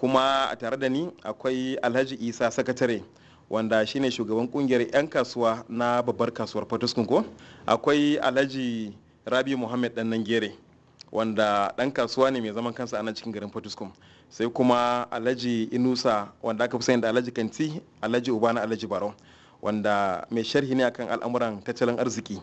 kuma a tare da ni akwai alhaji isa sakatare wanda shine shugaban kungiyar 'yan kasuwa na babbar kasuwar fatuskun ko akwai alhaji rabi muhammad dan nangere wanda dan kasuwa ne mai zaman kansa a nan cikin garin fatuskun sai kuma alhaji inusa wanda aka fi sani da alhaji kanti alhaji na alhaji Baro wanda mai sharhi ne akan al'amuran tattalin arziki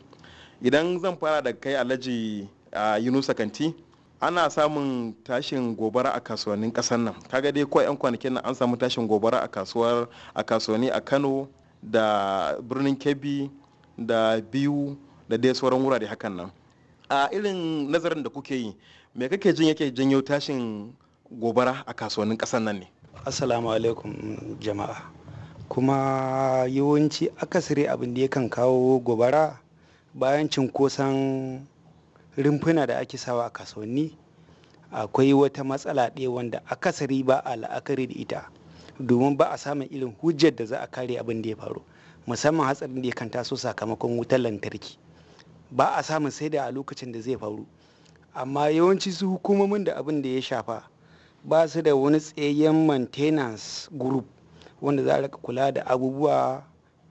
idan zan fara da kai alhaji ah, yunusa kanti ana samun tashin gobara a kasuwannin kasar nan kaga dai kawai 'yan kwanakin nan an samu tashin gobara a kasuwar a kasuwanni a kano da birnin kebbi da biyu da dai sauran wurare hakan nan a irin nazarin da kuke yi me kake jin yake janyo tashin gobara a kasuwannin kasar nan ne assalamu alaikum jama'a kuma yawanci akasari abin da yakan kawo gobara bayan cinkoson rumfuna da ake sawa a kasuwanni akwai wata matsala ɗaya wanda akasari ba a la'akari da ita domin ba a samun irin hujjar da za a kare abin da ya faru musamman hatsarin da ya kan taso sakamakon wutar lantarki ba a samun sai da a lokacin da zai faru amma yawanci su hukumomin da abin da ya shafa ba su da wani tsayayyen maintenance group wanda za a kula da abubuwa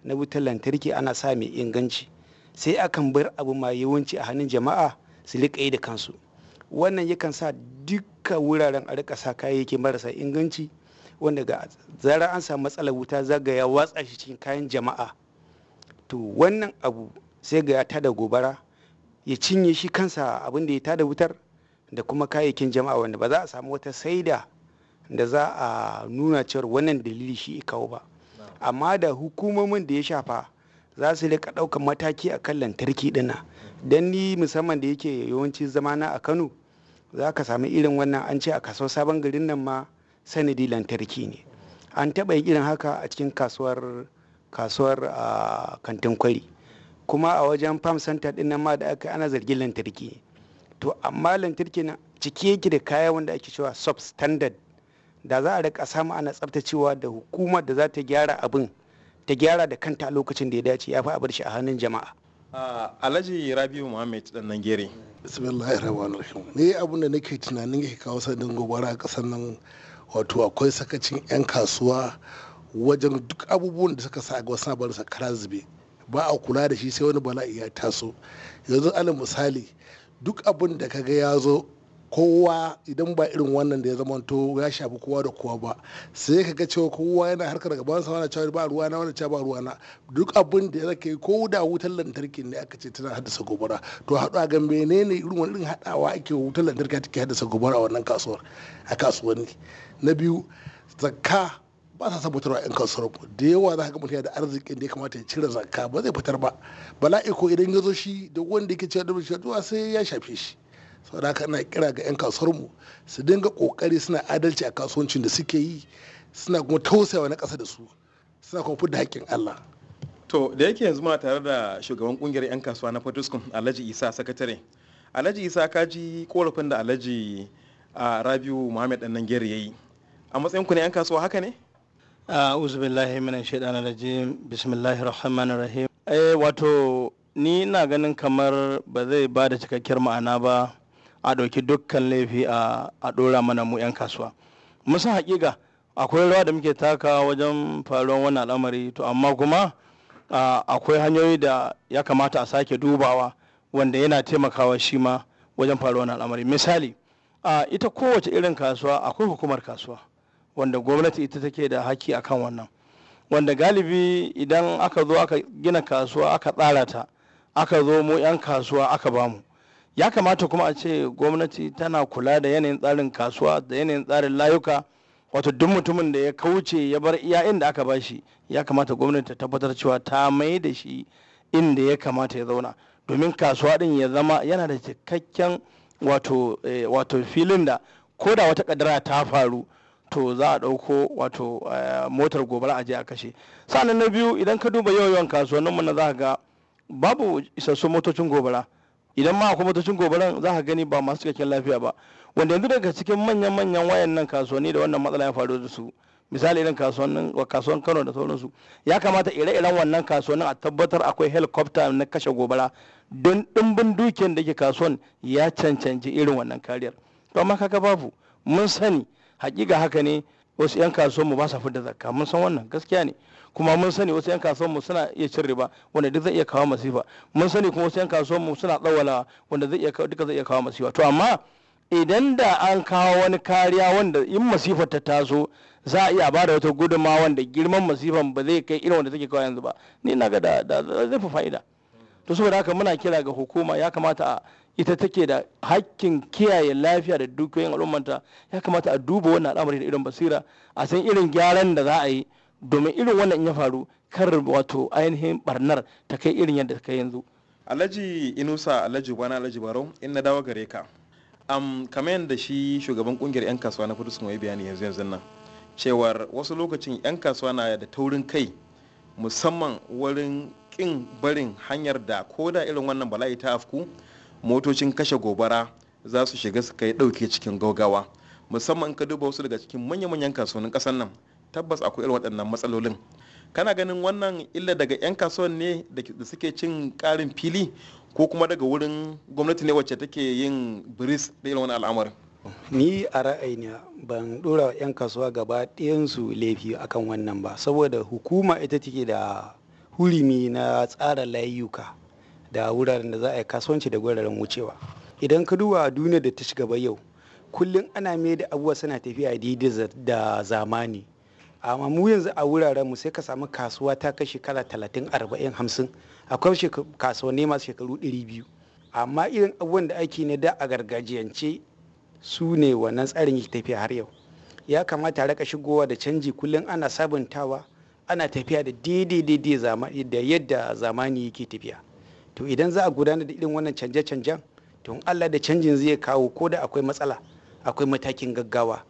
na wutar lantarki ana sa mai inganci sai akan bar abu ma yawanci a hannun jama'a su liƙa da kansu wannan yakan sa duka wuraren a rika sa kayayyaki marasa inganci wanda ga zara an samu matsalar wuta zaga ya watsa shi cikin kayan jama'a to wannan abu sai ga ya tada gobara ya cinye shi kansa abin da ya tada wutar da kuma kayayyakin jama'a wanda ba za a samu wata saida da za a nuna cewar wannan dalili shi kawo ba amma da hukumomin da ya shafa za su rika ɗaukar mataki a kan lantarki ɗina don ni musamman da yake yawanci zamana a kano za ka sami irin wannan an ce a kaso sabon garin nan ma sanadi lantarki ne an taɓa yin irin haka a cikin kasuwar kasuwar a kantin kwari kuma a wajen farm center ɗin nan ma da aka ana zargin lantarki to amma lantarki na ciki yake da kaya wanda ake cewa substandard da za a rika samu ana tsaftacewa da hukumar da za ta gyara abin ta gyara da kanta a lokacin da ya dace ya fi abar shi a hannun jama'a alhaji rabiu muhammed dan nangere bismillahir rahmanir rahim ne abin da nake tunanin ya kawo sanin gobara a kasar nan wato akwai sakacin yan kasuwa wajen duk abubuwan da suka sa ga wasu barinsa kara zube ba a kula da shi sai wani bala'i ya taso yanzu alal misali duk abin da kaga ya zo kowa idan ba irin wannan da ya zamanto ya shafi kowa da kowa ba sai ka ga cewa kowa yana harkar gabansa wani cewa ba ruwa na wani cewa ba ruwa na duk abin da ya zaka ko da wutar lantarki ne aka ce tana haddasa gobara to haɗu a ga menene irin wani irin haɗawa ake wutar lantarki take haddasa gobara a wannan kasuwar a kasuwanni na biyu zakka ba sa sabotarwa yan kasuwar da yawa za ka ga mutum da arzikin da ya kamata ya cire zakka ba zai fitar ba bala'i ko idan ya zo shi da wanda yake cewa da sai ya shafe shi saboda haka ina kira ga 'yan kasuwarmu su dinga kokari suna adalci a kasuwancin da suke yi suna kuma tausayawa na ƙasa da su suna kuma fidda haƙƙin Allah. To da yake yanzu ma tare da shugaban kungiyar 'yan kasuwa na Fortescue Alhaji Isa sakatare. Alhaji Isa ka ji korafin da Alhaji Rabiu Muhammad dan Nangeri yi. A matsayin ku ne 'yan kasuwa haka ne? A'udhu billahi minan shaitanir rajim. Bismillahir rahmanir rahim. Eh wato ni na ganin kamar ba zai ba da cikakkiyar ma'ana ba a ɗauki dukkan laifi a ɗora mana mu 'yan kasuwa musan haƙiƙa akwai rawa da muke taka wajen faruwar wannan al'amari to amma kuma akwai hanyoyi da ya kamata a sake dubawa wanda yana taimakawa shi ma wajen faruwar wannan al'amari misali ita kowace irin kasuwa akwai hukumar kasuwa wanda gwamnati ita take da a kan wannan wanda galibi idan aka zo aka gina kasuwa aka tsara ta aka zo mu 'yan kasuwa aka bamu ya kamata kuma a ce gwamnati tana kula da yanayin tsarin kasuwa da yanayin tsarin layuka wato duk mutumin da ya kauce ya bar iya inda aka ba shi ya kamata gwamnati ta tabbatar cewa ta mai da shi inda ya kamata ya zauna domin kasuwa din ya zama yana da cikakken wato eh, wato filin da ko da wata kadara ta faru to za a ɗauko wato eh, motar gobara a je a kashe sa'an na biyu idan ka duba yawan mu na za ga babu isassun motocin gobara idan ma akwai motocin gobaran za ka gani ba masu cikakken lafiya ba wanda yanzu daga cikin manyan manyan wayan nan kasuwanni da wannan matsala ya faru da su misali irin kasuwan Kano da sauransu ya kamata ire-iren wannan kasuwannin a tabbatar akwai helicopter na kashe gobara don dimbin dukiyar da ke kasuwan ya cancanci irin wannan kariyar to amma kaga babu mun sani hakika haka ne wasu 'yan mu ba sa da zakka mun san wannan gaskiya ne kuma mun sani wasu 'yan kasuwan mu suna iya cin riba wanda duk zai iya kawo masifa mun sani kuma wasu 'yan kasuwan mu suna tsawala wanda zai iya duka zai iya kawo masifa to amma idan da an kawo wani kariya wanda in masifar ta taso za a iya bada wata gudunma wanda girman masifan ba zai kai irin wanda take kawo yanzu ba ni na ga da zai fi fa'ida to saboda haka muna kira ga hukuma ya kamata a ita take da hakkin kiyaye lafiya da dukiyoyin al'ummanta ya kamata a duba wannan al'amari da irin basira a san irin gyaran da za a yi domin irin wannan ya faru kar wato ainihin barnar ta kai irin yadda ta kai yanzu alhaji inusa alhaji bana alhaji baro in na dawo gare ka um, kamar yadda shi shugaban kungiyar 'yan kasuwa na kudu sun yi bayani yanzu yanzu nan cewar wasu lokacin 'yan kasuwa na da taurin kai musamman wurin kin barin hanyar da ko da irin wannan bala'i ta afku motocin kashe gobara za su shiga su kai dauke cikin gaugawa musamman ka duba wasu daga cikin manya-manyan kasuwannin kasar nan tabbas akwai irin waɗannan matsalolin kana ganin wannan illa daga 'yan kasuwan ne da suke cin ƙarin fili ko kuma daga wurin gwamnati ne wacce take yin biris da irin wani al'amarin ni a ra'ayina ban dora 'yan kasuwa gaba su laifi akan wannan ba saboda hukuma ita take da hurumi na tsara layuka da wuraren da za a yi kasuwanci da wuraren wucewa idan ka duba duniya da ta shiga yau kullum ana mai da abubuwa suna tafiya da zamani amma mu yanzu a wuraren mu sai ka samu kasuwa ta kai shekara 30 40 50 akwai kasuwanni masu shekaru 200 amma irin abubuwan da ake ne da a gargajiyance su ne wannan tsarin yake tafiya har yau ya kamata a raka shigowa da canji kullum ana sabuntawa ana tafiya da daidai da yadda zamani yake tafiya to idan za a gudanar da irin wannan canje-canjen to Allah da canjin zai kawo ko da akwai matsala akwai matakin gaggawa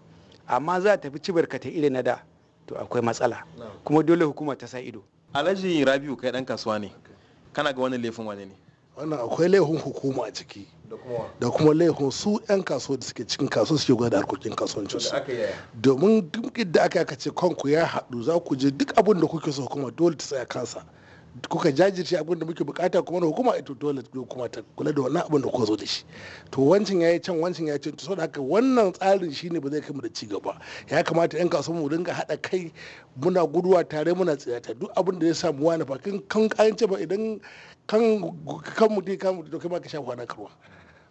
amma za a tafi cibarkata irin na da to akwai matsala kuma dole hukuma ta sa ido alhaji rabiu kai dan kasuwa ne kana ga wani laifin wani ne wannan akwai laifin hukuma a ciki da kuma laifin su 'yan kasuwa da suke cikin kasuwa suke gwada da harkokin kasuwancin su domin duk da aka ce kanku ya haɗu za ku je duk abin da kuke so kuma dole ta tsaya kansa kuka jajirce abin da muke bukata kuma na hukuma ita dole kuma ta kula da wannan abin da kuka zo da shi to wancan yayi can wancan yayi can to saboda haka wannan tsarin shine ba zai kai mu da cigaba ya kamata yan kasuwa mu dinga hada kai muna guduwa tare muna tsayata duk abin da ya samu wani fa kan kan kayan ba idan kan kan mu dai kan mu to kai ma ka sha wani karwa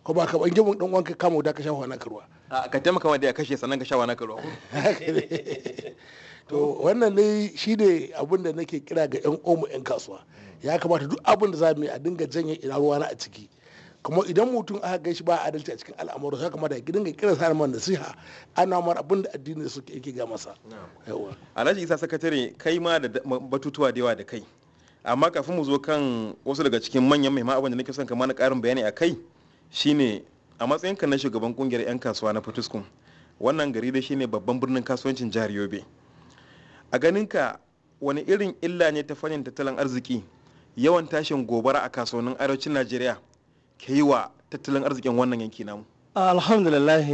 ko ba ka bange mun dan uwan ka kama da ka sha wani karwa a ka taimaka ma da ya kashe sannan ka sha wani karwa to wannan ne shi ne abin da nake kira ga 'yan omu 'yan kasuwa ya kamata duk abin da za mu yi a dinga janye ina ruwana a ciki kuma idan mutum aka gaishe ba adalci a cikin al'amuran ya kamata ya dinga kira sa man nasiha ana mar abin da addini suke yake ga masa yawa alhaji isa sakatare kai ma da batutuwa da yawa da kai amma kafin mu zo kan wasu daga cikin manyan muhimman abin da nake son kamar na karin bayani a kai shine a matsayin ka na shugaban kungiyar 'yan kasuwa na fatuskun wannan gari da shine babban birnin kasuwancin jihar yobe a ganinka wani irin illa ne ta fannin tattalin arziki yawan tashin gobara a kasuwannin arewacin najeriya ke yi wa tattalin arzikin wannan yanki namu alhamdulillah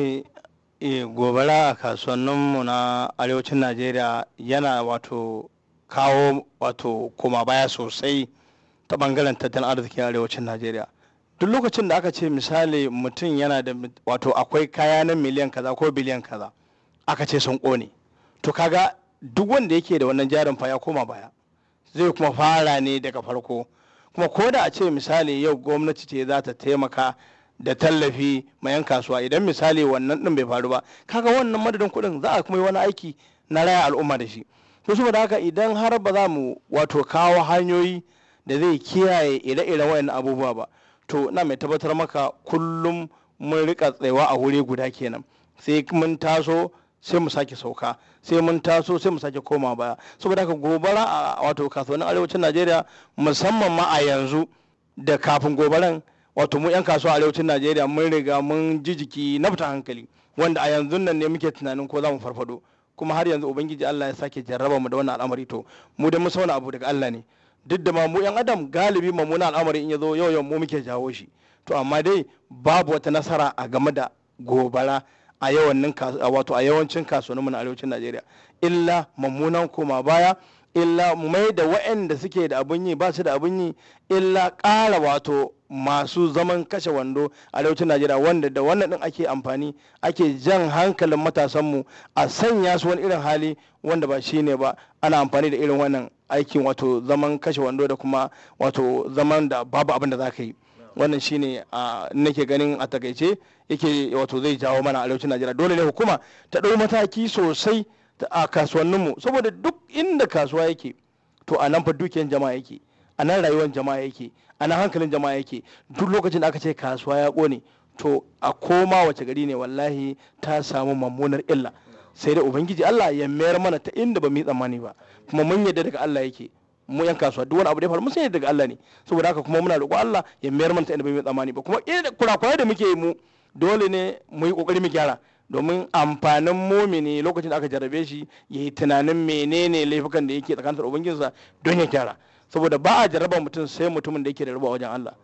e, gobara a kasuwanninmu na arewacin najeriya yana wato kawo wato koma baya sosai ta bangaren tattalin arzikin arewacin najeriya duk lokacin da aka ce misali mutum yana da wato akwai kaya na miliyan kaza ko biliyan kaza aka ce sun ƙone to kaga duk wanda yake da wannan jarin fa ya koma baya zai kuma fara ne daga farko kuma ko da a ce misali yau gwamnati ce za ta taimaka da tallafi mai yan kasuwa idan misali wannan din bai faru ba kaga wannan madadin kuɗin za a kuma yi wani aiki na raya al'umma da shi to saboda haka idan har ba za mu wato kawo hanyoyi da zai kiyaye ire-iren wayannan abubuwa ba to na mai tabbatar maka kullum mun rika tsayawa a wuri guda kenan sai mun taso sai mu sake sauka sai mun taso sai mu sake koma baya saboda haka gobara a wato kasuwannin arewacin najeriya musamman ma a yanzu da kafin gobaran wato mu 'yan kasuwa arewacin najeriya mun riga mun ji jiki na fita hankali wanda a yanzu nan ne muke tunanin ko za mu farfado kuma har yanzu ubangiji allah ya sake jarraba mu da wannan al'amari to mu da mun abu daga allah ne duk da ma mu 'yan adam galibi mamuna al'amari in ya zo yau yau mu muke jawo shi to amma dai babu wata nasara a game da gobara a a yawancin kasuwanninmu na arewacin Najeriya illa mummunan koma baya illa mai da waɗanda suke da abin yi ba su da abin yi illa ƙara wato masu zaman kashe wando a arewacin najeriya wanda da wannan din ake amfani ake jan hankalin matasanmu a sanya su wani irin hali wanda ba shi ne ba ana amfani da irin wannan aikin wato zaman kashe wando da kuma wato zaman da babu abin da za ka yi wannan shine nake ganin a takaice yake wato zai jawo mana arewacin najeriya dole ne hukuma ta ɗau mataki sosai a kasuwanninmu saboda duk inda kasuwa yake to a nan fa dukiyan jama'a yake a nan rayuwar jama'a yake a nan hankalin jama'a yake duk lokacin da aka ce kasuwa ya ƙone to a koma wace gari ne wallahi ta samu mummunar illa sai da ubangiji Allah ya mayar mana ta inda ba mu yi tsammani ba kuma mun yadda daga Allah yake mu yan kasuwa duk wani abu da ya faru mun sani daga Allah ne saboda haka kuma muna roƙo Allah ya mayar mana ta inda bai tsammani ba kuma kurakurai da muke yi mu dole ne mu yi kokari mu gyara domin amfanin mumini lokacin da aka jarabe shi yayi tunanin menene laifukan da yake tsakanin ubangijinsa don ya gyara saboda ba a jarraba mutum sai mutumin da yake da rabuwa wajen Allah